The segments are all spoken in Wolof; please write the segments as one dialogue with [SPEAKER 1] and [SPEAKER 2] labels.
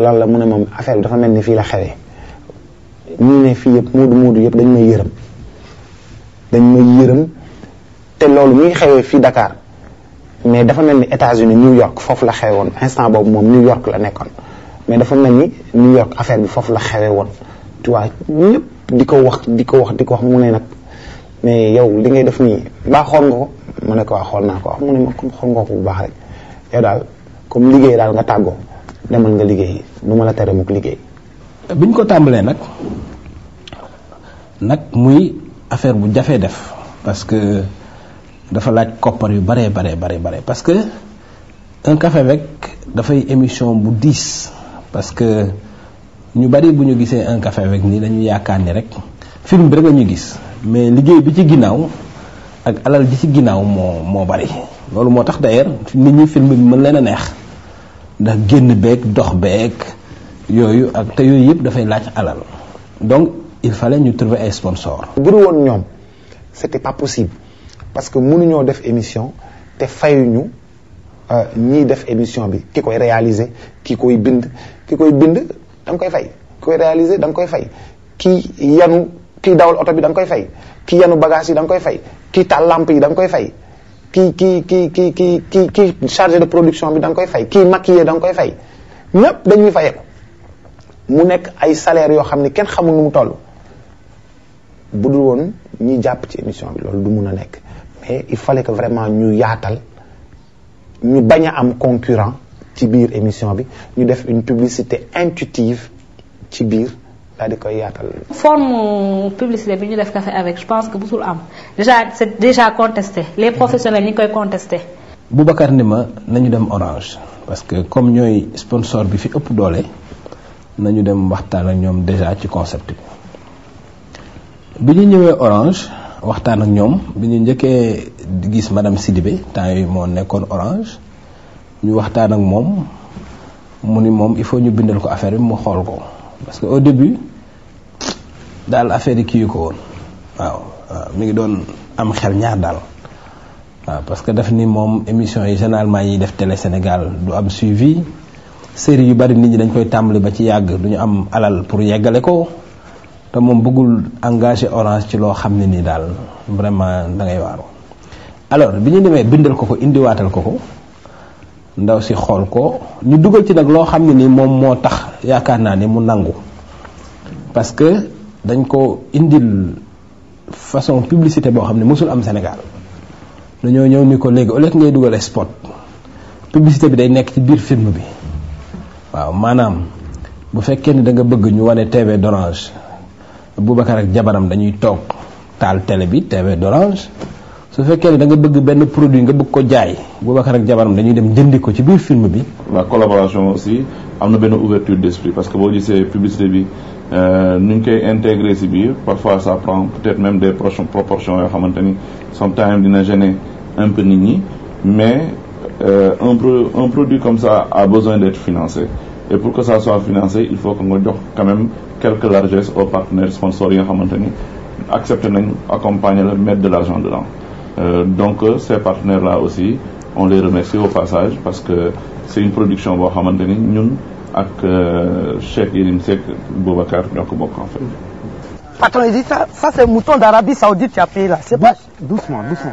[SPEAKER 1] lan la mun ne moom affaire bi dafa mel ni fii la xewee ñu ne fii yëpp muudu muudu yëpp dañ may yërëm dañ may yërëm te loolu muy xewee fii dakaar mais dafa mel ni États-Unis New York foofu la xewe woon instant boobu moom New York la nekkoon mais dafa mel ni New York affaire bi foofu la xewe woon tu vois di ko wax di ko wax di ko wax mu ne nag mais yow li ngay def nii baa xool nga ko mu ne ko waa xool naa ko wax mu ne ma xool nga ko bu baax rek yow daal comme liggéey daal tàggoo demal nga liggéey du ma la tere mukk liggéey.
[SPEAKER 2] bi ñu ko tàmbalee nag nag muy affaire bu jafee def parce que dafa laaj koppar yu baree baree baree bare parce que un café avec dafay émission bu diis parce que ñu bari bu ñu gisee un café avec nii dañu yaakaar ni rek film bi rek la ñu gis mais liggéey bi ci ginnaaw ak alal bi ci ginnaaw moo moo bari loolu moo tax d'ailleurs nit ñi film bi mën leen a neex. ndax génn beeg dox beeg yooyu ak te yooyu yëpp dafay laaj alal donc il fallait ñu trouver ay sponsor
[SPEAKER 1] buru woon ñoom c'était pas possible parce que mënuñoo def émission te fayuñu euh, ñii def émission bi ki koy réaliser ki koy bind ki koy bind da koy fay ki koy da nga koy fay ki yanu kii dawal oto bi da koy fay ki yanu bagage yi danga koy fay kii taal yi danga koy fay ki kii kii kii kii kii kii chargé de production bi danga koy fay kii maquillé da nga koy fay ñépp dañuy fayeku mu nekk ay salaire yoo xam ne kenn xamul nu mu toll bu dul woon ñi jàpp ci émission bi loolu du mun a nekk mais il fallait que vraiment ñu yaatal ñu bañ a am concurrent ci biir émission bi ñu def une publicité intuitive ci biir daal di koy yaatal.
[SPEAKER 3] forme publicité bi ñu def café avec je pense que musul am déjà c'est déjà contesté les professionnels ñi ngi koy contesté.
[SPEAKER 2] Boubacar ni ma nañu dem Orange parce que comme ñooy sponsor bi fi ëpp doole nañu dem waxtaan ak ñoom déjà ci concept bi ñu ñëwee Orange. waxtaan ak ñoom bi ñu njëkkee gis madame Sidibé temps yooyu moo nekkoon orange ñu waxtaan ak moom mu ni moom il faut ñu bindal ko affaire bi mu xool ko parce au début daal affaire yi kii ko woon waaw waaw mi ngi doon am xel ñaar daal waaw parce que daf ni moom émission yi généralement yi def télé Sénégal du am suivi série yu bari nit ñi dañ koy tàmbali ba ci yàgg du ñu am alal pour yeggale ko te moom bëggul engagé orange ci loo xam ne nii daal vraiment da ngay waaru alors bi ñu demee bindal ko ko indiwaatal ko ko ndaw si xool ko ñu dugal ci nag loo xam ne nii moom moo tax yaakaar naa ni mu nangu parce dañ ko indil façon publicité boo xam ne mosul am Sénégal dañoo ñëw ni ko léegi au lieu ngay dugale spot publicité bi day nekk ci biir film bi waaw maanaam bu fekkee ni danga bëgg ñu wane TV d'Orange Boubacar ak jabaram dañuy toog taal télé bi TV d'Orange su fekkee ne da nga bëgg benn produit nga bëgg ko jaay Boubacar ak jabaram dañuy dem jëndi ko ci biir film bi.
[SPEAKER 4] la collaboration aussi am na benn ouverture d'esprit parce que boo gisee publicité bi euh, nu ñu koy intégrer ci biir parfois ça prend peut-être même des proportions yoo xamante ni sometimes dina gêner un nit ñi mais euh, un pro un produit comme ça a besoin d'être financé et pour que ça soit financé il faut que nga jox quand même quelques largesses aux nga xamante ni accepté nañ accompagner la mettre de l'argent Euh, donc euh, ces partenaires là aussi on les remercie au passage parce que c'est une production boo xamante ni ñun ak euh, Cheikh Yérim Seck Boubacar ñoo ko bokk en fait.
[SPEAKER 3] patron il dit ça ça mouton d'Arabie Saoudite tu as payé là c'est pas. doucement doucement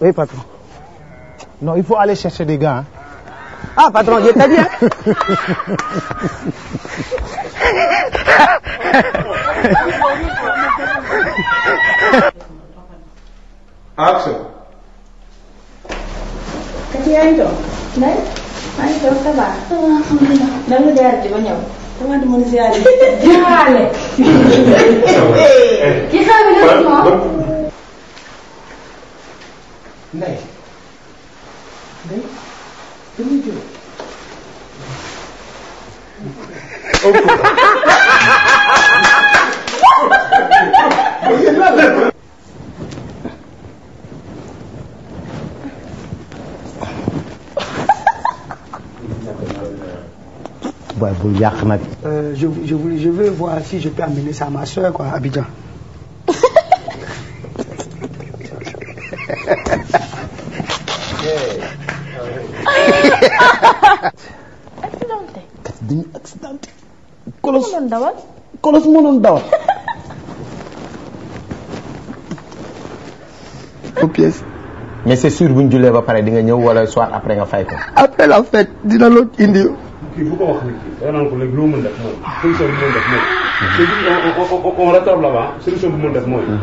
[SPEAKER 1] oui patron. non il faut aller chercher des gars Ah, patron, il était bien.
[SPEAKER 5] Action.
[SPEAKER 6] Kati yaa ngi toog. Ndeye
[SPEAKER 3] maa ngi toog ça va. ça va alhamdulilah. nga jaar ji ba jaale.
[SPEAKER 6] kii xam nga moom. Ndeye. Ndeye. Ouais,
[SPEAKER 1] vous na a...
[SPEAKER 3] euh, je, je, je veux voir si je peux amener ça à ma soeur, quoi, à doon dawal. kolos moo doon dawal.
[SPEAKER 7] pour pièce. mais c'est sûr bu ñu ba pare di nga ñëw wala soir après nga fay ko.
[SPEAKER 5] après la fête dina la indi.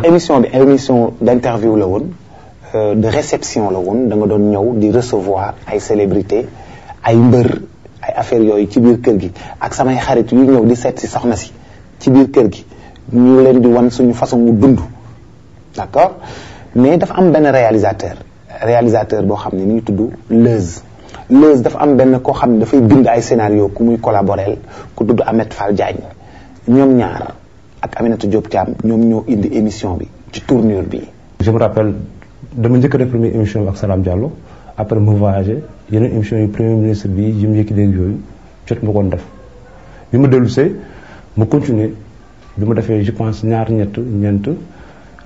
[SPEAKER 1] émission bi émission d'interview la woon euh, de réception la woon danga doon ñëw di recevoir ay célébrités ay mbër. affaire yooyu ci biir kër gi ak samay xarit yu ñëw di seet si soxna si ci biir kër gi ñu leen di wan suñu façon wu dund d'accord mais dafa am benn réalisateur réalisateur boo xam ne ni ñu tudd Leuze Leuze dafa am benn koo xam ne dafay bind ay scénario ku muy collaborel ku tudd Ahmed Fall Diagne ñoom ñaar ak Aminata Diop Thiam ñoom ñoo indi émission bi ci tournure bi.
[SPEAKER 5] je me rappelle dama njëkk a def émission bi ak Salam Diallo. après mu voyagé yeneen émission yu premier ministre bi yi mu yëkki léegi yooyu def bi ma dellu mu continuer bi ma defee je pense ñaar ñett ñeent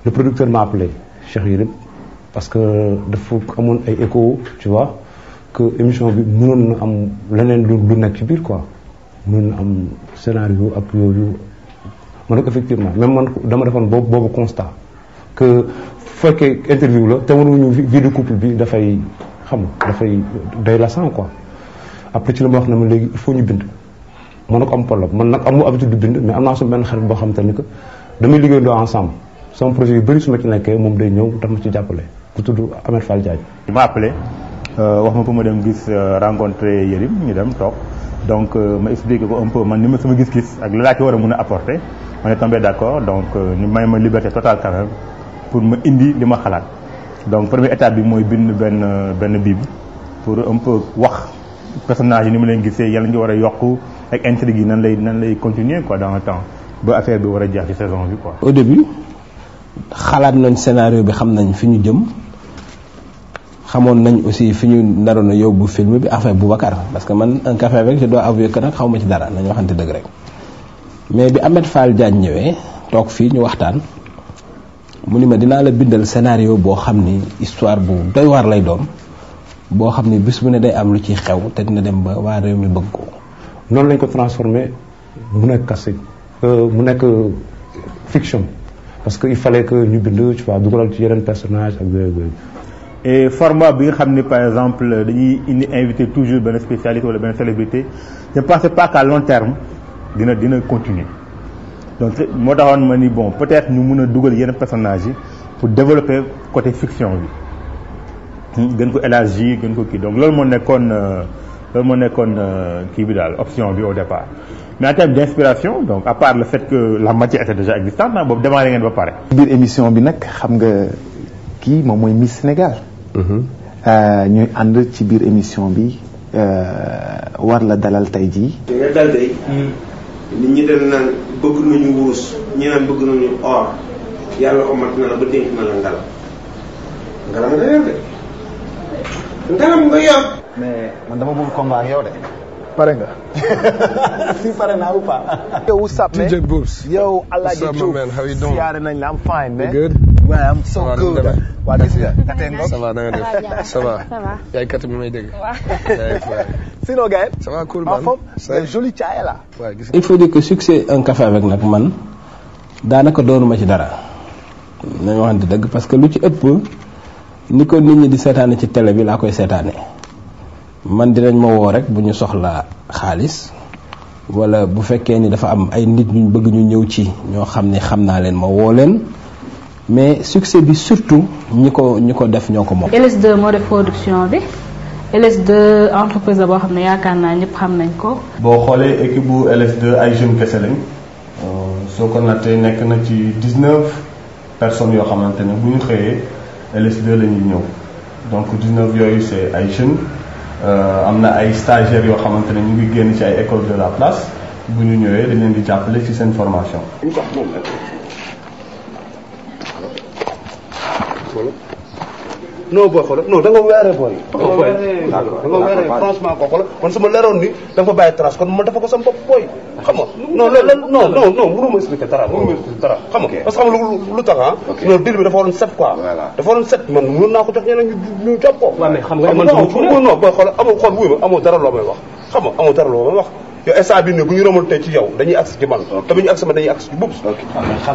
[SPEAKER 5] le producteur m'a appelé Cheikh parce que dafa amoon ay écho tu vois bi mënoon na leneen lu lu nekk ci biir quoi mënoon na ak ma ne ko même man dama defoon boobu boobu constat que fekkee interview la te couple bi dafay xam dafay day lassant quoi après ci la ma wax ne ma léegi foo ñu bind mën na ko am problème man nag amu habitude du bind mais am naa sama benn xarit boo xam te ni que damay liggéeyandoo ensemble sama projet yu bëri su ma ci nekkee moom day ñëw tax ma ci jàppale bu tudd Ameth Fall Diagne ma appelé euh, wax ma pour ma dem gis euh, rencontré Yérim
[SPEAKER 7] ñu dem toog donc euh, ma expliqué ko un peu man ni ma ma gis-gis ak li laa ci war a mun a apporter on est tombé donc ñu may ma liberté totale quand même pour ma indi li ma xalaat donc première état bi mooy bind benn benn bible pour un peu wax personnage yi ni ma leen gisee yàlla ñu war a yokk ak intrigue yi nan lay nan lay continuer ko dans temps ba affaire bi war a jeex ci saison bi quoi.
[SPEAKER 2] au bi xalaat nañ scénario bi xam nañ fi ñu jëm xamoon nañ aussi fi ñu naroon a yóbbu film bi affaire Boubacar parce que man un café avec je dois avouer que nag xaw ma ci dara nañu waxante dëgg rek mais bi Ahmed Fall Diagne ñëwee toog fii ñu waxtaan. mu ni ma dinaa la bindal scénario boo xam ni histoire bu doy waar lay doon boo xam ni bis bu ne day am lu ciy xew te dina dem ba
[SPEAKER 5] waa réew mi bëgg ko. noonu lañ ko transformé mu nekk kase euh, mu nekk fiction parce que il fallait que ñu bind tu vois dugalal ci yeneen personnage ak yooyu
[SPEAKER 7] et format bi nga xam ni par exemple dañuy indi invité toujours benn spécialiste wala benn célébrité je ne pense pas qu'à long terme dina dina continuer. donc moo taxoon ma ni bon peut-être ñu mun a dugal yenn personnage yi pour développer côté fiction bi hmm, gën ko élargir gën ko kii donc loolu moo nekkoon euh, loolu moo nekkoon euh, kii bi daal option bi au départ mais en termes d'inspiration donc à part le fait que la matière était déjà existante ah boobu démarré ngeen ba pare.
[SPEAKER 1] biir émission bi nag xam nga kii moom mooy Miss Sénégal. Mm-hmm. Euh, ñuy ànd ci biir émission bi war la dalal tey jii.
[SPEAKER 8] da nga dal mm. tey. bëgg nañu wurus ñi naan bëgg nañu or yàlla omat na la ba dénk na la
[SPEAKER 1] ngalam ngalam nga yor de ngalam nga yor mais man dama bëgg combat ak yow de pare nga si pare naa ou pas yow what's up man DJ Boobs yow Alaaji Diouf siyaare nañ la am fine man good well, I am so good. waa gis nga katee ngoog ça
[SPEAKER 2] il faut dire que succès un café avec nag man daanaka doonuma ci dara. nañu waxante dëgg parce que lu ci ëpp ni ko nit ñi di seetaane ci tele bi laa koy seetaane man dinañ ma woo rek bu ñu soxla xaalis. wala bu fekkee ni dafa am ay nit ñu bëgg ñu ñëw ci ñoo xam ne xam naa leen ma woo leen. mais succès bi surtout ñi ko ñi ko
[SPEAKER 6] def ñoo ko moom. ls
[SPEAKER 3] moo def production bi LS2 entreprise la boo xam ne yaakaar naa ñëpp xam nañ ko.
[SPEAKER 6] boo xoolee équipe bu ls ay jeunes kese lañ euh, soo ko nattee nekk na ci 19 personnes yoo xamante ne bu ñu xëyee LS2 la ñuy ñëw donc 19 yooyu c'est ay jeunes euh, am na ay stagiaires yoo xamante ne ñu ngi génn ci ay école de la place bu ñu ñëwee dañ leen di jàppale ci seen formation.
[SPEAKER 5] xoolal non booy xoolal non da nga booy. franchement ko xoolal man su leeroon ni da fa bàyyi trace kon ma dafa ko sama bopp booy. xam nga naa ko jox ñeneen ñu ñu jàpp ko. booy xoolal amoo xool wuy ma amoo dara loo may wax xam amoo dara loo may wax yow instant bi ne bu ñu remonté ci yow dañuy agsi ci man te bu ñu ci bubs ah,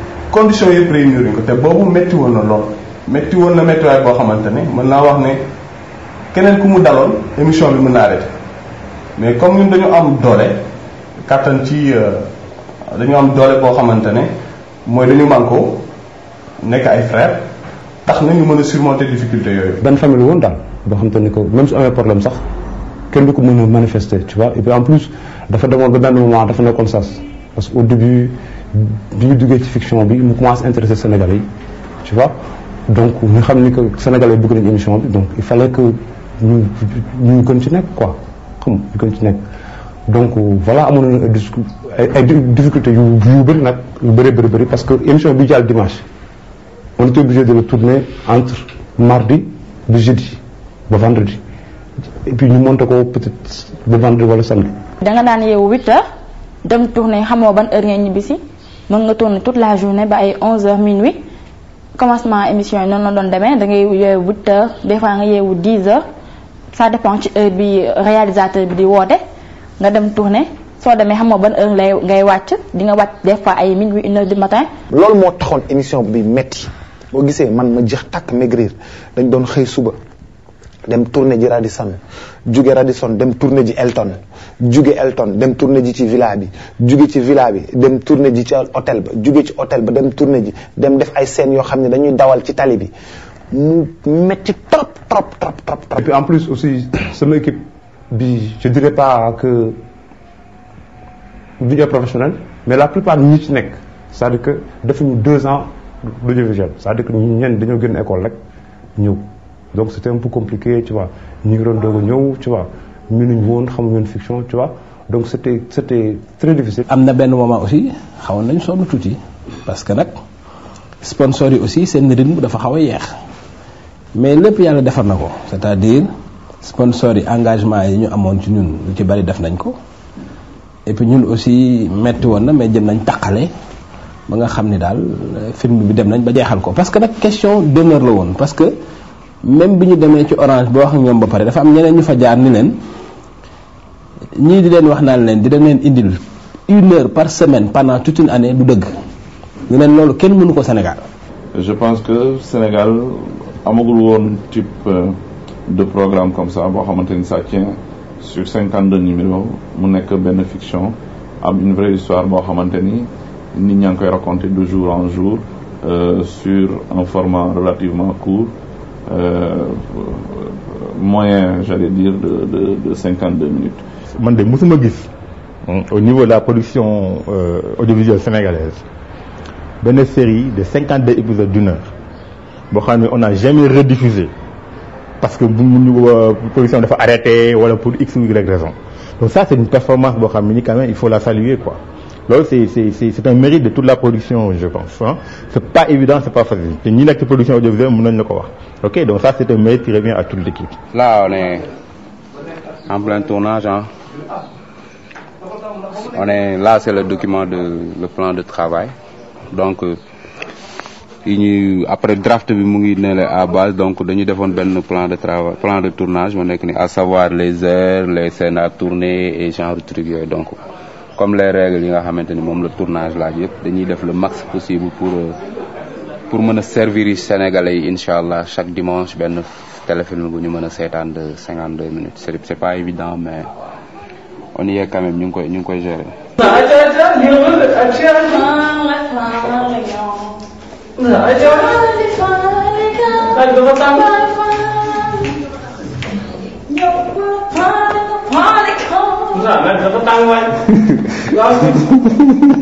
[SPEAKER 6] conditions yëpp réunir ñu ko te boobu métti woon na lool métti woon na méttiwaay boo xamante ne mën naa wax ne keneen ku mu daloon émission bi mën naa arrêté mais comme ñun dañu am doole kàttan ci euh, dañu am doole boo xamante ne mooy dañu mànkoo nekk ay frères tax na ñu mën a surmonter difficulté yooyu. benn famille
[SPEAKER 5] woon daal boo xamante ne que même su amee problème sax kenn du ko mën a manifester tu vois et puis en plus dafa demoon ba benn moment dafa nekkoon sas parce bi ñu duggee ci fiction bi mu commence intéresser Sénégalais yi tu vois donc ñu xam ni que Sénégalais bëgg nañu émission bi donc il fallait que ñu gën ci nekk quoi xam ñu gën ci nekk donc voilà amoon nañu ay ay difficultés yu yu bëri nag yu bëri bëri parce que émission bi jàll dimanche on était obligé de le tourner entre mardi ba jeudi ba vendredi et puis ñu monté ko peut-être ba vendredi wala samedi.
[SPEAKER 3] da daan yeewu huit dem tourner xamoo ban heure ñibbisi. mën nga tourner tout la journée ba ay 11h minuit commencement émission yi noonu la doon demee dangay ngay yeewu 8h des fois nga yeewu 10h ça dépend ci heure bi réalisateur bi di woote nga dem tourner soo demee xam nga ban heure lay ngay wàcc di nga wàcc des fois ay minuit une heure du matin.
[SPEAKER 1] loolu moo taxoon émission bi metti boo gisee man ma jeex takk maigrir dañ doon xëy suba dem tourner ji Radisson jóge Radisson dem tourner ji Elton. juge Elton dem tourné ji ci villa bi juge ci villa bi dem tourné ji ci hôtel ba juge ci hôtel ba dem tourné ji dem def ay scènes yoo xam ne dañuy dawal ci tali bi
[SPEAKER 5] mu metti trop trop trop en plus aussi sama équipe bi je dirais pas que du mais la plupart ñi ci nekk c'est-à-dire que defuñu deux ans d'audiovisuel c'est-à-dire que ñenn dañoo génn école rek ñëw donc c'était un peu compliqué tu vois ñu ngi doon doog a mënuñ woon xamuñu fiction tu vois donc c'était c'était très difficile. am na benn moment aussi xawoon nañ sonn tuuti parce que nag
[SPEAKER 2] sponsors yi aussi seen rythme dafa xaw a yeex mais lépp yàlla defar na ko c'est-à-dire sponsors yi engagement yi ñu amoon ci ñun lu ci bari def nañ ko et ñun aussi metti woon na mais jëm nañ taqale ba nga xam ni daal film bi dem nañ ba jeexal ko parce que nag question d'honneur la woon parce que même bi ñu demee ci orange boo wax ak ñoom ba pare dafa am ñeneen ñu fa jaar ni leen. ñii di leen wax naan leen di dañ leen indil une heure par semaine pendant toute une année du dëgg ñu leen loolu kenn
[SPEAKER 4] mënu ko Sénégal. je pense que Sénégal amagul woon type euh, de programme comme ça boo xamante ni ça tient sur cinquante deux numéros mu nekk benn fiction am une vraie histoire boo xamante ni nit ñaa ngi koy raconter de jour en jour euh, sur un format relativement court. Euh, moyen j'allais dire de de de minutes man de mosuma gis
[SPEAKER 7] hmm, au niveau de la production euh, audiovisuelle sénégalaise benn série de cinquante deux épisodes d'une heure boo xam ne on n'a jamais rediffusé parce que bu ñu euh, production dafa arrêté wala pour x ou y raison donc ça c'est une performance boo xam ne ni quand il faut la saluer quoi loolu c'est c'est c'est un mérite de toute la production je pense c'est pas évident c'est pas facile te ñi nekk ci production audiovisuelle mën nañu la ko wax ok donc ça c'est un mérite qui revient à
[SPEAKER 6] On est,
[SPEAKER 5] là, c'est le document de le plan de travail. Donc, euh,
[SPEAKER 2] yi ñu après draft bi mu ngi ne à base donc dañu defoon benn plan de travail plan de tournage mu nekk ni à savoir les heures les scènes à et genre truc donc comme les règles yi nga xamante ni moom la tournage laaj yëpp dañuy def le max possible pour euh, pour mën a servir yi sénégalais yi incha allah chaque dimanche benn téléfilm bu ñu mën a seetaan de cinquante deux minutes c'est c'est pas évident mais on y est quand même ñu ngi koy ñu ngi koy gérer.
[SPEAKER 3] man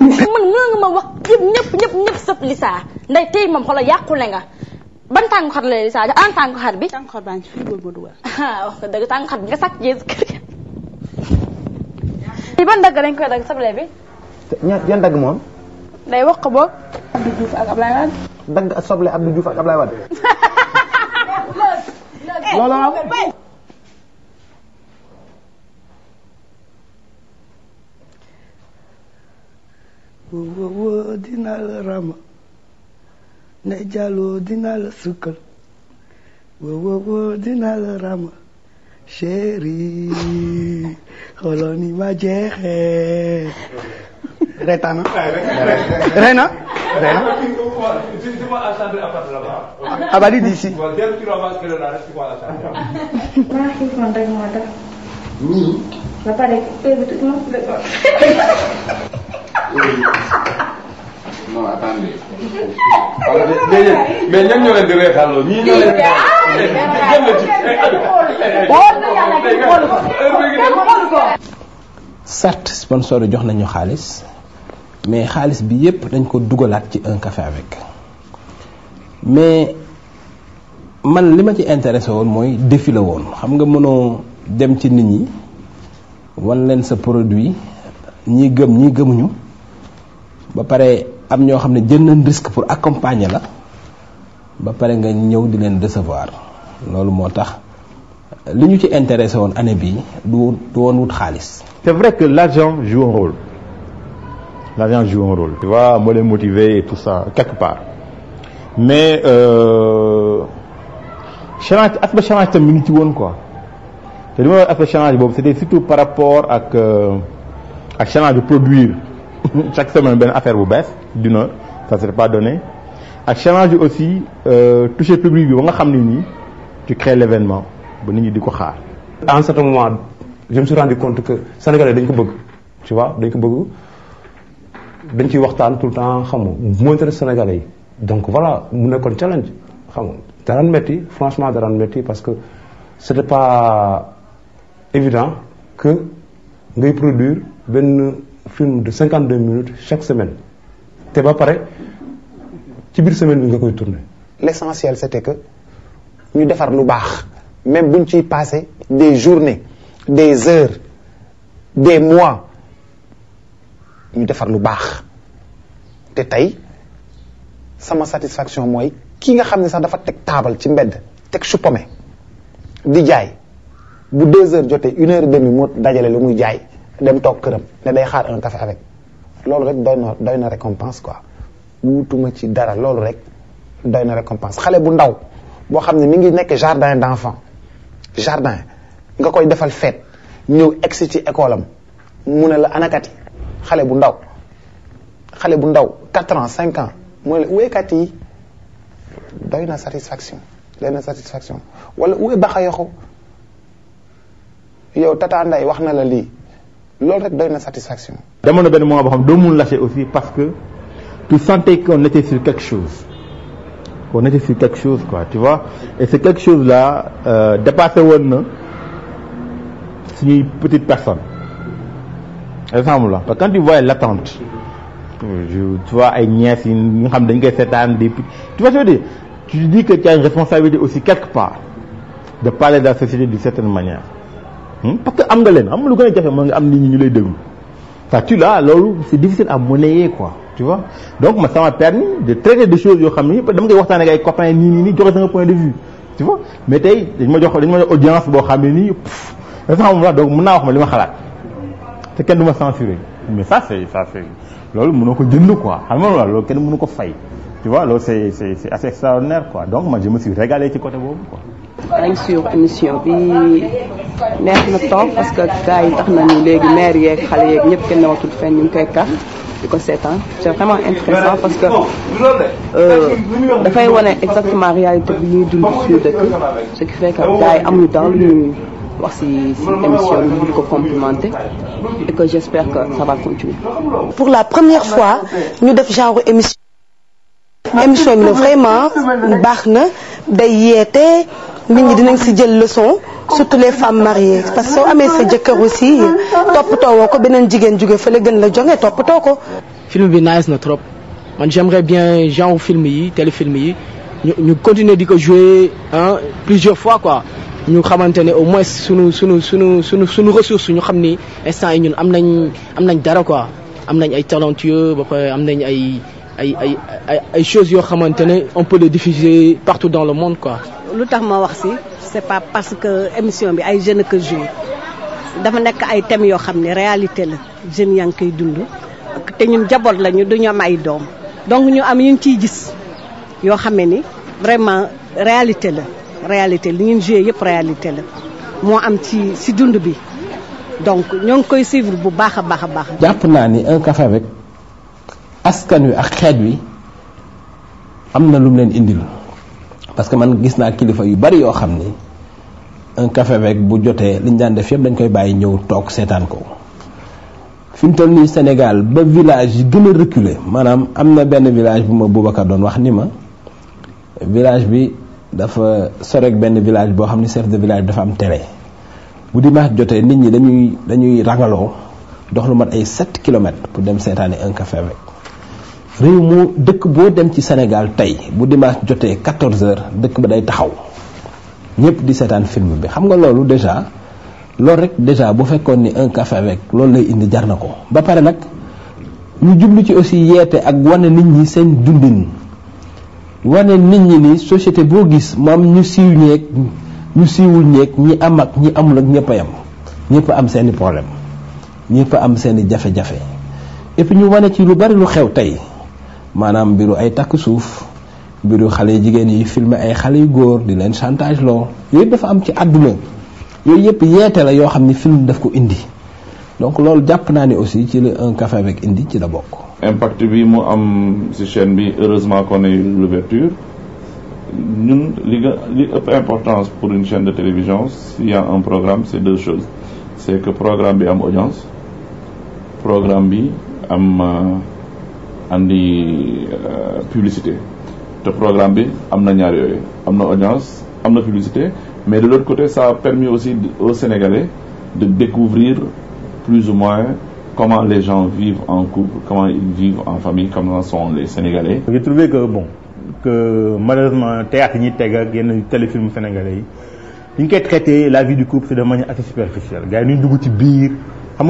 [SPEAKER 3] nga nga ma wax yëpp ñëpp ñëpp ñëpp sëpp Lissa nday tey moom xoolal yàqule nga ban tànku xar la Lissa en tànku xar bi. tànku xar baa ngi fi góor ba dugal. ah wax dëgg tànku xar bi nga sàcc jeesu kër fii ban dagg lañ koy dagg soble bi.
[SPEAKER 1] ña dagg moom.
[SPEAKER 3] day wax ko boog. Abdou Diouf ak
[SPEAKER 1] Ablaye Wade. dagg ak soble Abdou Diouf ak Ablaye Wade.
[SPEAKER 3] loolu am. wóo wóo dina la rama ne jàlloo dina la sukkal wóo wóo la rama chéri xooloo eh, eh, ni ah, ma jeexee. reetaan na. rey na rey na. abali di si. ba pare eh,
[SPEAKER 6] non attendez. mais ñoom
[SPEAKER 2] sponsor yi jox nañu xaalis mais xaalis bi yépp dañ ko dugalaat ci un café avec mais man li ma ci intéressé woon mooy défi woon xam nga mënoo dem ci nit ñi wan leen sa produit ñii gëm ñii gëmuñu ba pare am ñoo xam ne jën nañ risque pour accompagner la ba pare nga ñëw di leen recevoir loolu moo tax li ñu ci intéressé woon année bii du du woon wut xaalis. c'est vrai que l'argent
[SPEAKER 7] joue un rôle l'argent joue un rôle. tu vois moo leen motiver tout ça quelque part mais euh, challenge aspect challenge tam mi ngi ci woon quoi te li ma wax aspect challenge boobu c'était surtout par rapport ak euh, ak challenge de produire chaque semaine benn affaire bu bees. du Nord ça ne serait pas donné ak challenge aussi euh, toucher public bi ba nga xam ne nii tu crées l' ba
[SPEAKER 5] nit ñi di ko xaar. en un certain moment je me suis rendu compte que sénégalais dañ ko bëgg tu vois dañ ko bëgg dañ ciy waxtaan tout le temps xam nga mu intéresse yi donc voilà mu nekkoon challenge xam nga daraan métti franchement daraan métti parce que c' était pas évident que ngay produire benn film de cinquante deux minutes chaque semaine. te ba pare ci biir semaine bi nga koy tourné.
[SPEAKER 1] l'essentiel c'était que ñu defar lu baax même buñ ciy passé des journées des heures des mois ñu defar lu baax te tey sama satisfaction mooy ki nga xam ne sax dafa teg taabal ci mbedd teg chupome di jaay bu deux heures jotee une heure et moo dajale lu muy jaay dem toog këram ne day xaar un café avec loolu rek doy na doy na récompense quoi wutuma ci dara loolu rek doy na récompense xale bu ndaw boo xam ne mi ngi nekk jardin d'enfant jardin nga koy defal fête ñëw egsi ci école am mu ne la anakati xale bu ndaw xale bu ndaw 4 ans cinq ans mu ne la uwekat yi doy na satisfaction doy na satisfaction wala uwe baxa yoxu yow tata Nday wax na la lii loolu rek doy na satisfaction.
[SPEAKER 7] demoon na benn moment boo xam doo mun lâcher aussi parce que tu sentais qu'on était sur quelque chose qu'on était sur quelque chose quoi tu vois et c'est quelque chose là euh, dépassé woon na suñuy petite personne exemple la parce que quand tu vois l'attente tu vois ay ñees yi nga xam dañ koy seetaan di tu vois je veux dire tu dis que tu as une responsabilité aussi quelque part de parler de la société d'une certaine manière Hmm? parce que am nga leen am lu gën a jafe mooy nga am nit ñu lay déglu ça tu là loolu c'est difficile à monnayer quoi tu vois donc ma sama permis de traiter des choses yoo xam ni dama koy waxtaan ak ay copains nii nii nii joxe sama point de vue tu vois mais tey dañ ma jox dañ ma jox audience boo xam ne nii dafa xam la donc mën naa wax ma li ma xalaat te kenn du san censuré mais ça c'est ça c'est loolu mënoo ko jënd quoi xam nga loolu kenn mënu ko fay tu vois loolu c'est c'est c'est assez extraordinaire quoi donc man je me ci côté boobu quoi
[SPEAKER 6] dañ suivre
[SPEAKER 3] émission bi na toog parce que gars yi tax nañu léegi maire yeeg xale yeeg ñëpp kenn newatul fenn ñu ngi koy kar di ko c'est vraiment intéressant parce que euh, dafay wane exactement réalité bi ñuy dund suñu dëkk ce qui fait que gars yi amuñu temps si si émission bi que j'espère que ça va continuer. pour la première fois ñu def genre émission émission vraiment baax na day yeete. nit ñi dinañ si jël leçon surtout les femmes mariées parce que soo amee sa jëkkër aussi toppatoo woo ko beneen jigéen jóge fële gën la jonge toppatoo ko. film bi nice na trop man j'aimerais bien genre film yi téléfilm yi ñu ñu continuer di ko jouer ah plusieurs fois quoi ñu xamante ne au moins sunu sunu sunu sunu sunu ressource ñu xam ni instant yi ñun am nañ am nañ dara quoi am nañ ay talentueux ba pare am nañ ay ay ay ay ay choses yoo xamante ne on peut le diffuser partout dans le monde quoi. lu tax ma wax si c'est pas parce que émission bi ay jeunes que joué dafa nekk ay thèmes yoo xam ne réalité la jeunes yaa ngi koy dund te ñun jaboot lañu du ñu am ay doom donc ñu am ñu ciy gis yoo xam ne ni vraiment réalité la réalité li ñun joué yëpp réalité la moo am ci si dund bi donc ñoo ngi koy suivre bu baax a baax a
[SPEAKER 2] baax. jàpp naa ni un café avec askan wi ak xeet wi am na lu mu leen indil. parce que man gis naa kilifa yu bari yoo xam ni un café avec bu jotee liñ daan def yëpp dañ koy bàyyi ñëw toog seetaan ko fi mu toll nii Sénégal ba village yi gën a reculé maanaam am na benn village bu ma Boubacar doon wax ni ma village bi dafa soreeg benn village boo xam ni chef de village bi dafa am télé bu dimanche jotee nit ñi dañuy dañuy rangaloo dox lu mat ay 7 kilomètres pour dem seetaani un café avec réew mu dëkk boo dem ci senegal tey bu dimanche jotee 14h dëkk ba day taxaw ñëpp di seetaan film bi xam nga loolu déjà loolu rek déjà bu fekkoon ni un café avec loolu lay indi jar na ko ba pare nag ñu jublu ci aussi yeete ak wane nit ñi seen dundin wane nit ñi ni société boo gis moom ñu siiw ñeeg ñu siiwul ñeeg ñi am ak ñi amul ak ñëpp a yem ñëpp am seeni problème ñëpp am seeni jafe-jafe et ñu wane ci lu bari lu xew tey maanaam mbiru ay takk suuf mbiru xale jigéen yi filmer ay xale yu góor di leen chantage loo yooyu dafa am ci àdduna yooyu yëpp yeete la yoo xam ni film def ko indi donc loolu jàpp naa ni aussi ci la un café avec indi ci la bokk.
[SPEAKER 4] impact bi mu am si chaîne bi heureusement qu'on a eu l'ouverture ñun li nga li ëpp importance pour une chaîne de télévision s'il y a un programme c'est deux choses c'est que programme bi am audience programme bi am. Euh, andi euh, publicité te programme bi am na ñaar yooyu am na audience am na publicité mais de l'autre côté ça aussi aux Sénégalais de découvrir plus ou moins comment les gens vivent en couple comment ils vivent en famille comment sont les Sénégalais. j'ai trouvé que bon
[SPEAKER 7] que malheureusement théâtre ñi teg ak yenn téléfilm sénégalais yi ñu ngi koy traité la vie du couple c'est de manière assez superficielle gars yi ñu dugg ci biir am.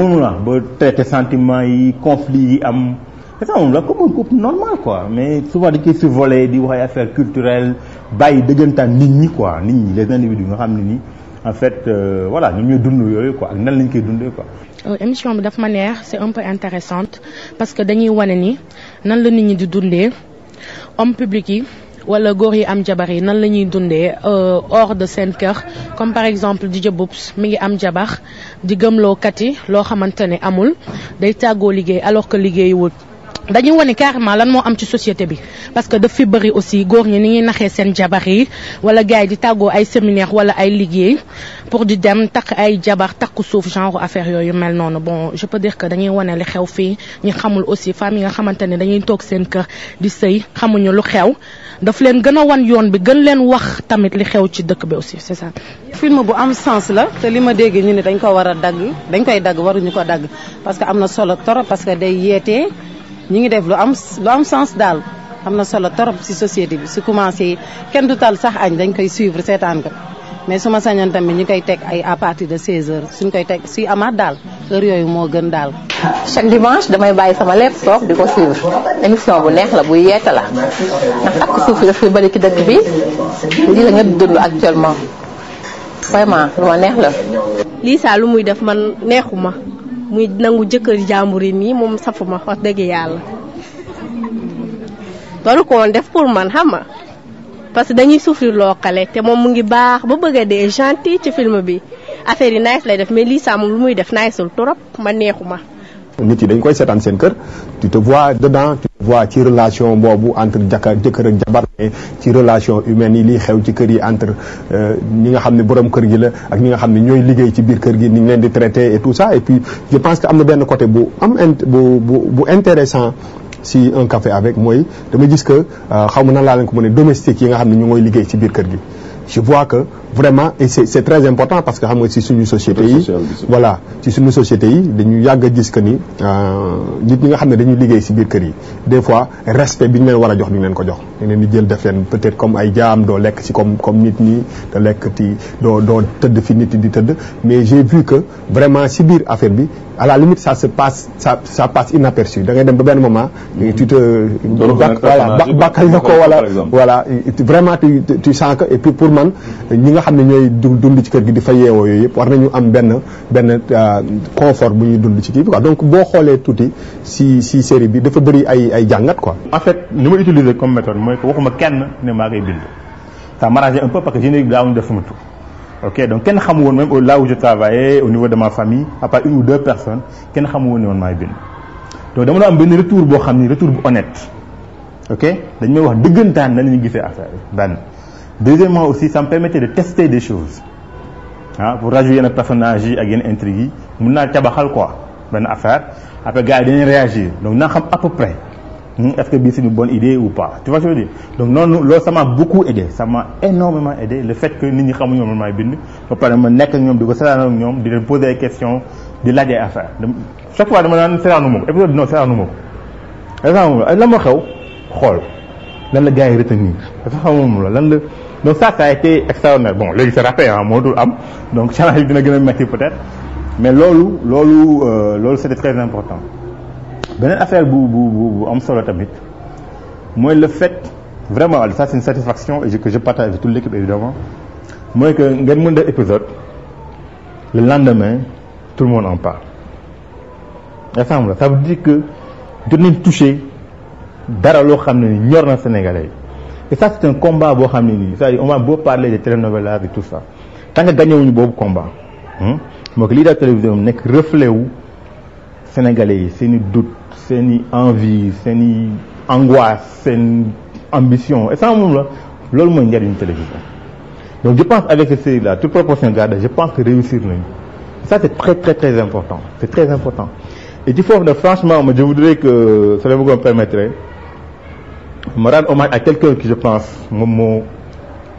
[SPEAKER 7] ça moom la comme un normal quoi mais souvent dañ koy survolé di wax affaire culturelle bàyyi dëggantaan nit ñi quoi nit ñi les individus nga xam ne nii en fait euh, voilà ñoo dund yooyu quoi ak nan lañ koy dundee ko
[SPEAKER 3] euh, émission bi daf ma neex c'est un peu intéressante parce que dañuy wane nii nan la nit ñi di dundee homme public yi wala góor yi am jabar yi nan la ñuy dundee euh, hors de seen kër comme par exemple DJ Boubs mi ngi am jabar di gëmloo kat yi loo xamante ne amul day tàggoo liggéey alors que liggéeyiwul. dañuy wane carrément lan moo am ci société bi parce que daf fi bëri aussi góor ñi ni ñuy naxee seen jabar yi wala gars yi di tàggoo ay séminaire wala ay liggéey pour di dem takk ay jabar takku suuf genre affaire yooyu mel noonu bon je peux dire que dañuy wane li xew fii ñu xamul aussi femmes yi nga xamante ne dañuy toog seen kër di sëy xamuñu lu xew daf leen gën a wan yoon bi gën leen wax tamit li xew ci dëkk bi aussi c'est ça. film bu am sens la li ma dégg ñu ne dañ ko war a dagg dañ koy dagg waruñu ko dagg ñu ngi def lu am lu am sens daal am na solo torop ci société bi su commencé kenn du tal sax añ dañ koy suivre seetaan ko mais su ma sañoon tamit ñu koy teg ay à partir de 16h suñ koy teg suy amaat daal heure yooyu moo gën daal. chaque dimanche damay bàyyi sama lépp toog di ko suivre émission bu neex la buy yeeta la ndax ak suuf daf fi bëri ci dëkk bi lii la nga dund actuellement vraiment lu ma neex la. lii saa lu muy def man neexuma muy nangu jëkkër jàmbur yi nii moom safuma wax dëgg yàlla doonu ko woon def pour man xam nga parce que dañuy souffrir lookale te moom mu ngi baax ba bëgg dee gentil ci film bi affaire yi nice lay def mais lii saa moom lu muy def niceul trop ma neexu ma
[SPEAKER 8] nit yi dañ koy seetaan seen kër tu te vois dedans tu te vois ci relation boobu entre jaka jëkkër ak jabar mais ci relation humaine yi liy xew ci kër yi entre euh, ñi nga xam ne borom kër gi la ak ñi nga xam ne ñooy liggéey ci biir kër gi ni ñu leen di traité et tout sax et puis je pense que am na benn côté bu am bu bu bu intéressant si un café avec mooy dama gis que euh, xaw na nan laa leen ko mën a domestique yi nga xam ne ñu ngoy liggéey ci biir kër gi je vois que vraiment et c'est c'est très important parce que xam nga ci suñu société yi voilà ci suñu société yi dañu yàgg a gis que ni euh, nit ñi nga xam ne dañuy liggéey ci biir kër yi des fois respect bi ñu leen war a jox duñu leen ko jox dañ leen di doo tëdd fi nit di tëdd mais j'ai vu que vraiment ci biir affaire bi à la limite ça se passe ça ça passe dem ba benn moment mm-hmm. tu te voilà bakkal na ko wala vraiment tu sens et puis pour man nga xam ne ñooy dund ci kër gi di fa yeewoo yooyu yëpp war nañu am benn benn euh, confort bu ñuy dund ci kii bi quoi donc boo xoolee
[SPEAKER 7] tuuti si si série bi dafa bëri ay ay jàngat quoi. en fait li ma utiliser comme méthode mooy que waxuma kenn ne maa koy bind. ça m'arrangeait un peu parce que générique bi daawuñu def sama tur ok kenn xamu woon même là où je travaillais au niveau famille à part une ou deux personnes kenn xam woon ne woon maay bind. donc dama doon am benn retour boo xam ni retour bu honnête ok dañ may wax dëggantaan na la ñu gisee affaire benn. deuxièmement aussi ça me permettait de tester des choses ah pour rajouter yenn personnage yi ak yenn intrigues yi mun naa cabaxal quoi benn affaire après gars yi dañuy réagir donc naa xam à peu près hmm, est-ce que bii c'est une bonne idée ou pas tu vois ce que je veux dire donc noonu loolu ça m'a beaucoup aidé ça m'a énormément aidé le fait que nit ñi xamuñu man maay bind ba pare ma nekk ñoom di ko seetaan ak ñoom di leen poser ay di laaj ay affaires chaque fois dama naan seetaanu ma ko épisode non seetaanu ma ko seetaanu ma ko la gars yi retenir dafa xamuma la lan la. donc ça sa a été extraordinaire bon léegi c'est ah moo dul am donc challenge bi dina gën a métti peut-être mais loolu loolu euh, loolu c'était très important beneen affaire bu bu bu am solo tamit mooy le fait vraiment ça c'est une satisfaction et que je partage avec toute l'équipe évidemment mooy que ngen mën def épisode le lendemain tout le monde en parle ensemble ça veut dire que dinañ toucher dara loo xam ne ñor na Sénégalais et ça c'est un combat boo xam ne nii c'est-à-dire on va beau parler de télénovelas et tout ça tant que gagné wuñu boobu combat moo ko lii daal télévision nekk reflet wu sénégalais yi seen i doute seen i envie seen i angoisse seen ambition et ça moom la loolu mooy njariñu télévision donc je pense avec cette série là toute proportion gardée je pense que réussir nañu ça c'est c'est très important et ci foofu franchement ma je voudrais que euh, cela vous me permettrait ma rendre hommage à quelqu'un qui je pense moom moo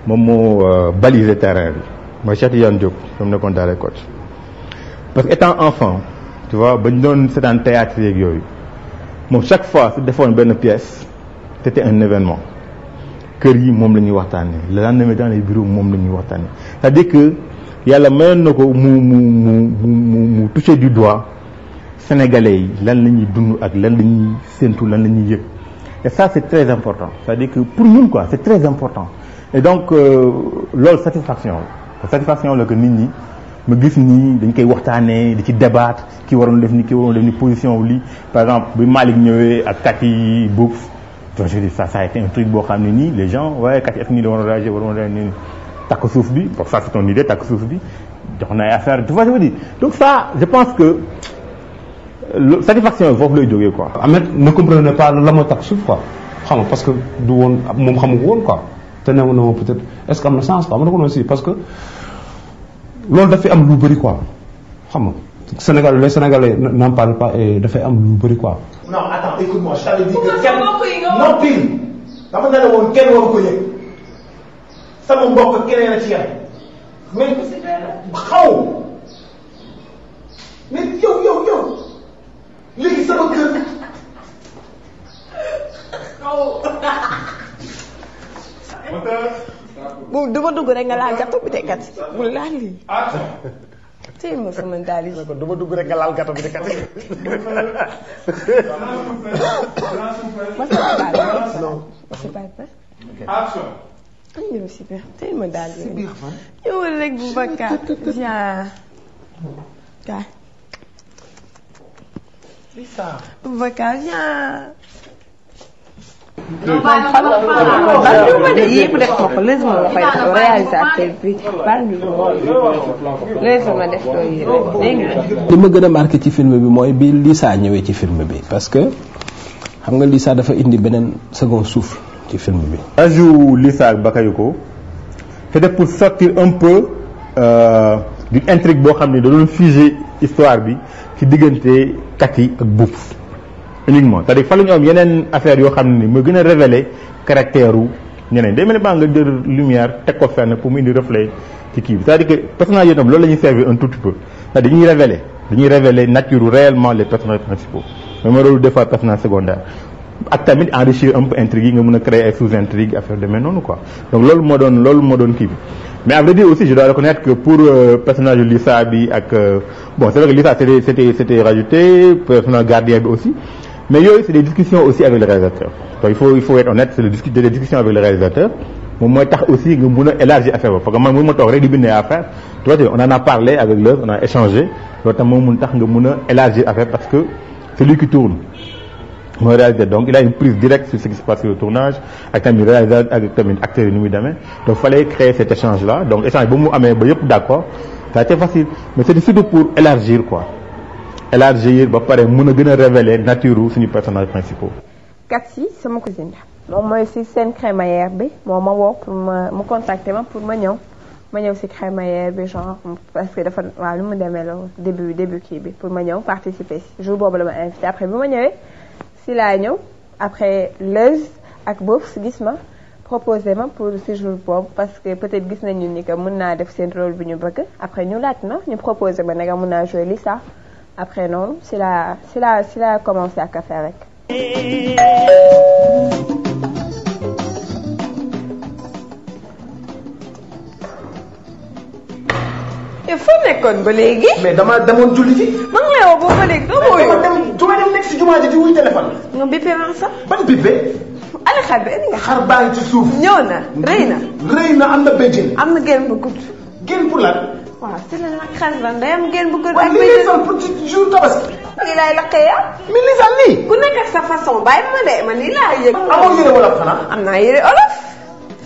[SPEAKER 7] moom moo euh, balisé terrain bi mooy Cheikh Tidiane Diop moom nekkoon daal coach parce que étant enfant tu vois ba ñu doon seetaan théâtre yeeg yooyu moom chaque fois su defoon benn pièce c'était un événement kër yi moom la ñuy waxtaanee le lendemain dans les moom la ñuy waxtaanee cest dire que yàlla mayoon na ko mu mu mu mu mu toucher du doigt sénégalais yi lan la ñuy dund ak lan la ñuy séntu lan la ñuy yëg. et ça c'est très important c'est-à-dire très important donc euh, loolu satisfaction la satisfaction la que nit ñi ma gis ni dañ koy waxtaanee di ci débat ki waroon def ni ki waroon def ni position wu lii par exemple bi Malick ñëwee ak Kati Boub donc je dis ça ça a été un truc boo xam ne nii les gens waaye Kati est-ce que la waroon réagir takk suuf bi bon ça c'est ton idée takk suuf bi jox na ay affaire tu vois je veux dire donc je pense que
[SPEAKER 5] satisfaction yi foofu lay jógee quoi. Ahmed ne comprenait la moo tax suuf quoi xam nga parce que du woon moom xamu ko woon quoi te newoon na ne ko noonu si parce que loolu dafay am lu bëri quoi xam nga Sénégal les Sénégalais n'en parlent dafay am lu bëri quoi.
[SPEAKER 1] non attends écoute-moi ne la woon kenn waru ko yëg sama mbokk keneen a ci yem
[SPEAKER 7] mais yow yow yow.
[SPEAKER 3] léegi sama kër kaw. bu duma dugg rek nga laal gâteau bi de kat bu laal lii. tey ma sama daal ko duma dugg rek nga laal gâteau bi de kat. non. si biir tey ma daal yow rek bu bakkaat. Bizarro. Vacaria. Não vai ma
[SPEAKER 6] li ma gën a marqué ci film bi
[SPEAKER 2] mooy bi Lisa ñëwee ci film bi parce que xam nga Lisa dafa indi beneen second souffle ci film bi.
[SPEAKER 7] un jour Lisa ak Bakayoko c'était pour sortir un peu d'une intrigue boo xam ne da doon figé histoire bi. ci diggante kat yi ak buub uniquement cest à fa la ñu am yeneen affaire yoo xam ne mooy gën a révéler caractère u ñeneen day mel ni baa nga jël lumière teg ko fenn pour mu indi reflet ci kii bi c'est-à-dire que personnage yi tam loolu la ñuy servir un tout petit peu cest ñuy dire dañuy révéler dañuy révéler nature réellement les personnages principaux mais mooy loolu ak tamit enrichir un peu intrigue yi nga mën a créer ay sous intrigue affaire de mel noonu quoi donc loolu moo doon loolu moo doon kii bi mais à vrai dire aussi je dois reconnaître que pour euh, personnage Lisa bi ak euh, bon c'est vrai que Lisa c'était c'était c'était rajouté personnage gardien bi aussi mais yooyu c'est des discussions aussi avec le réalisateur donc il faut il faut être honnête c'est des discussions avec le réalisateur moom mooy tax nga mun a élargir affaire boobu parce que man mun ma toog rek a parlé on a moo tax nga mun a élargir parce que c'est lui mooy réalisateur donc il a une prise directe sur ce qui se passe sur tournage ak tamit réalisateur ak tamit acteurs yi ni muy demee donc fallait créer cet échange là donc échange ba mu amee ba yëpp d' accord ça a été facile mais c' est surtout pour élargir quoi élargir a gën a révéler nature suñu personnage principaux.
[SPEAKER 3] kat si bi moom ma woo pour ma mu contacter ma pour ma ñëw ma ñëw si parce que dafa waaw la début début pour ma ñëw participer si jour boobu la ma invité après bi ma ñëwee. si laa ñëw aprè Leuz ak Bofs gis ma proposé ma pour séjour boobu parce que peut-être gis nañu ni que mën naa def seen rôle bu ñu bëgg après ñu laaj ma ñu proposé ma ne nga mën naa jouer sa après noonu si laa si laa si laa commencé ak affaire rek. te foo nekkoon ba léegi. mais dama demoon julli ji. ma ngi lay woo boobu ma wuyoo dama dem dama dem nekk si jumaa ji di wuy téléphone. nga bippé woon sax. ban xar bi indi nga. xar baa ngi ci suuf. ñëw na rëy na. rëy na am na béjjén. am na génn bu gudd. génn pour lan. waaw si la nag xar lan day am génn bu gudd. ak béjjén waaw pour ci jour tabaski. lii laay laqee ah. mais lii sax lii. ku nekk ak sa façon bàyyi ma de man lii laa
[SPEAKER 5] am naa yére wolof.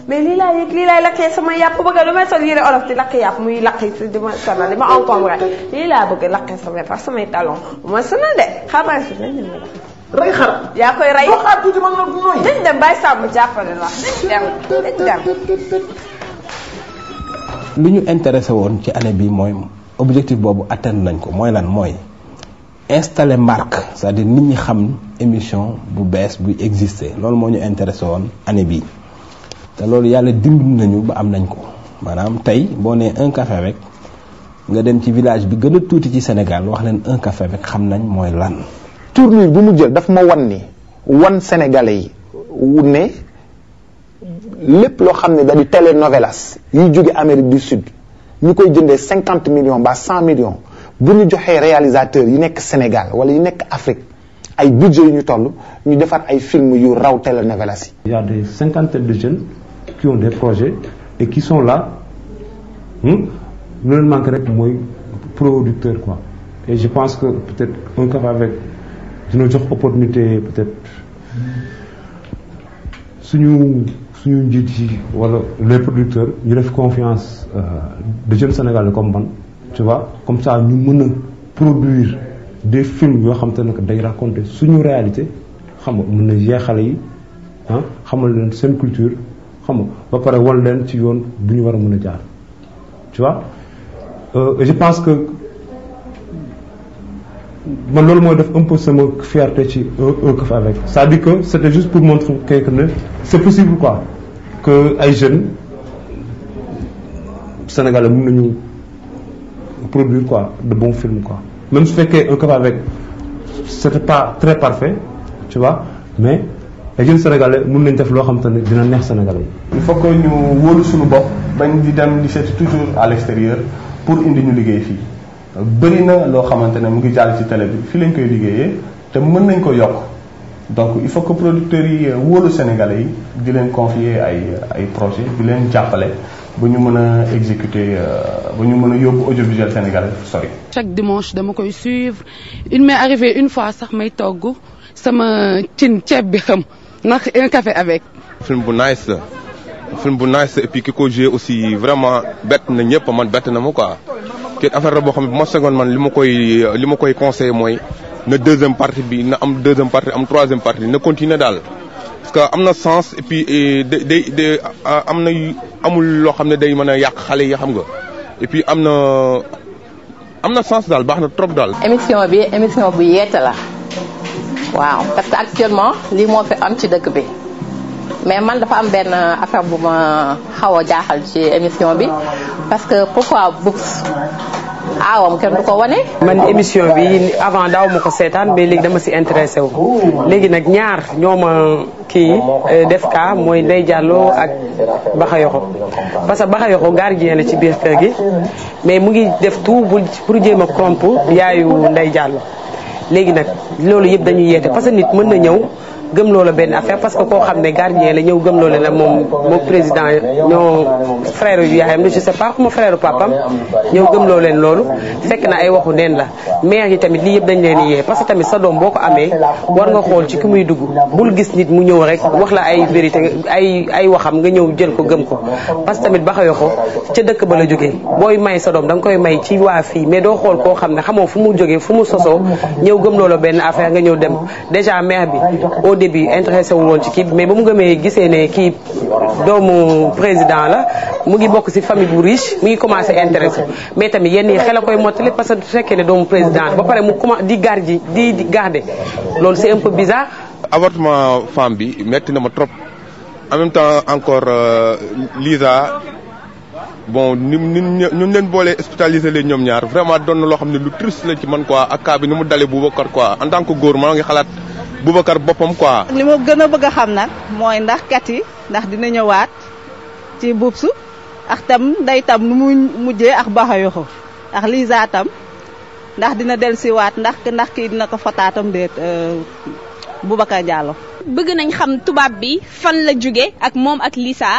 [SPEAKER 3] mais lii laay yëg lii laay lakkee sama yàpp bëgg a lu may sol yére olof di lakk yàpp muy lakk di samay par samay ma sonal de xar maa
[SPEAKER 2] ngi ñu intéressé woon ci année bi mooy objectif boobu atteindre nañ ko mooy lan mooy installer marque cest à nit ñi xam émission bu bees buy exister loolu moo ñu intéressé woon année bi te loolu yàlla dimbali nañu ba am nañ ko maanaam tey boo nee un café rek nga dem ci village bi gën a tuuti ci Sénégal wax leen un café rek xam nañ mooy lan.
[SPEAKER 1] tournure bu mu jël daf ma wan ni wan sénégalais yi ne lépp loo xam ne da di telenovelas yuy jóge Amérique du Sud ñu koy jëndee cinquante millions ba cent millions bu ñu joxee réalisateur yi nekk senegal wala yi nekk Afrique. ay budget yu ñu toll ñu defar ay film yu raw telenovelas yi.
[SPEAKER 5] il y a des de jeunes. qui ont des projets et qui sont là hmm, lu leen manque rek mooy producteur quoi et je pense que peut-être un café avec dina jox opportunité peut-être suñu suñu njiit yi wala les producteurs ñu def confiance euh, de jeunes sénégal comme man comme ça ñu mën a produire des films yoo xam te ne day raconter suñu réalité xam nga na yeexale yi ah, xamal leen seen culture xam nga ba pare wan leen ci yoon bu ñu war a mën a jaar tu vois euh, je pense que man loolu mooy def un peu sama fierté ci un café avec c'est-à-dire que c'était juste pour montrer quelque ne c'est possible quoi que ay jeunes sénégalais mën nañu produire quoi de bons films quoi même su fekkee un café avec c'était pas très parfait tu vois mais les jeunes sénégalais mën nañ def loo xam ne dina neex
[SPEAKER 6] sénégalais yi. il faut que ñu wóolu suñu bopp bañ di dem di seet toujours à l'extérieur pour indi ñu liggéey fii bëri na loo xamante ne mu ngi jàll ci télé bi fii lañ koy liggéeyee te mën nañ ko yokk donc il faut que producteurs yi wóolu sénégalais yi di leen confier ay ay projet di leen jàppale ba ñu mën a exécuter euh, ba ñu mën a yóbbu audiovisuel sénégalais sori.
[SPEAKER 3] chaque dimanche dama koy suivre il m'est arrivé une fois sax may togg sama cin ceeb bi xam. ndax un café avec.
[SPEAKER 6] film bu nice
[SPEAKER 8] la film bu nice et puis ki ko joué aussi vraiment bett na ñëpp man bett na ma quoi kii affaire la boo xam ne bu ma segoon man li ma koy li ma koy conseillé mooy na deuxième partie bi na am deuxième partie am troisième partie na continuer daal. parce que am na sens et puis am na amul loo xam ne day mën a yàq xale yi xam nga et am na am na sens daal baax na trop daal.
[SPEAKER 2] émission bi émission bu yeete la.
[SPEAKER 3] waaw parce que actuellement lii moo fi am ci dëkk bi mais man dafa am benn euh, affaire bu ma xaw a jaaxal ci émission bi parce que pourquoi books aawam kenn du ko wane. man émission bi avant daaw ma ko seetaan mais léegi dama si intéressé wu léegi nag ñaar ñoo ma kii euh, def ka mooy nday Diallo ak Bakhayokho parce que Bakhayokho gardien la ci biir kër gi mais mu ngi def bu pour jéem a corrompre yaayu Ndeye Diallo. léegi nag loolu yëpp dañuy yeete parce que nit mën na ñëw gëm loola benn affaire parce que koo xam ne gardien la ñëw gëm loola la moom moom président ñoo frère yu yaayam la je sais pas xuma frère papam ñëw gëm loo leen loolu fekk na ay waxu neen la maire yi tamit lii yëpp dañ leen parce que tamit sa doom boo amee war nga xool ci ki muy dugg bul gis nit mu ñëw rek wax la ay vérité ay ay waxam nga ñëw jël ko gëm ko parce que tamit baxayo ko ca dëkk ba la jógee booy may sa doom da nga koy may ci waa fii mais doo xool koo xam ne xamoo fu mu jógee fu mu sosoo ñëw gëm loola benn affaire nga ñëw dem déjà maire bi au début intéressé wu woon ci kii mais ba mu gëmee gisee ne kii doomu président la mu ngi bokk si famille bu riche mu ngi commencé intéressé mais tamit yenn yi xel a koy mottali parce que su fekkee ne doomu président la ba pare mu commencé di garder
[SPEAKER 8] loolu c'est un peu avortement femme bi metti na ma trop en même temps encore euh, Lisa bon ni ni ñu leen boolee hospitalisé ñaar vraiment doon na loo xam ne lu triste la ci man quoi ak cas bi ni mu dalee Boubacar quoi en tant que góor maa ngi xalaat. Boubacar boppam quoi.
[SPEAKER 3] li ma gën a bëgg a xam nag mooy ndax kat yi ndax dina ñëwaat ci bubsu ak tam day tam nu mu mujjee ak baaxa yoxo ak Liza tam ndax dina dellusiwaat ndax ndax kii dina ko fotaatam déet euh, Boubacar Diallo. bëgg nañ xam tubaab bi fan la jóge ak moom ak Liza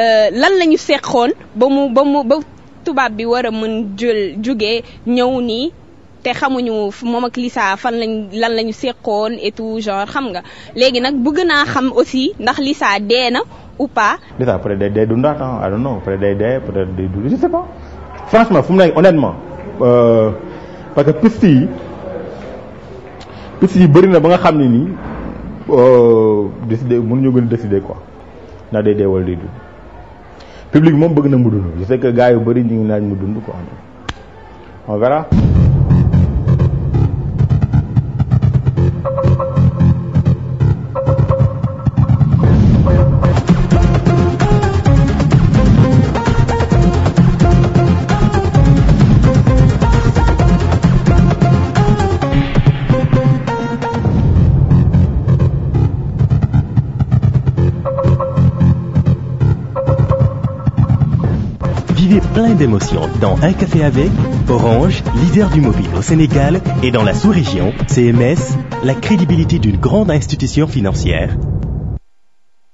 [SPEAKER 3] euh, lan lañu ñu seqoon ba mu ba mu ba tubaab bi war a mën jóge ñëw nii. te xamuñu moom ak Lisa fan lañ lan la ñu seqoon et tout genre xam nga léegi nag bëgg naa xam aussi ndax Lisa dee na ou pas.
[SPEAKER 7] Lisa peut-être day dee dundaat ah I don't know peut-être day dee peut-être day dund je sais pas franchement fu mu nekk honnêtement euh, parce que piste yi piste yi bëri na ba nga xam ne nii euh, décider mënuñu gën a décider quoi ndax day dee wala day dund. public moom bëgg na mu dund je sais que gars yu bëri ñu ngi naan mu dund ko on verra. plein d'émotions dans Un café avec Orange, leader du mobile au Sénégal et dans la sous-région, CMS, la crédibilité d'une grande institution financière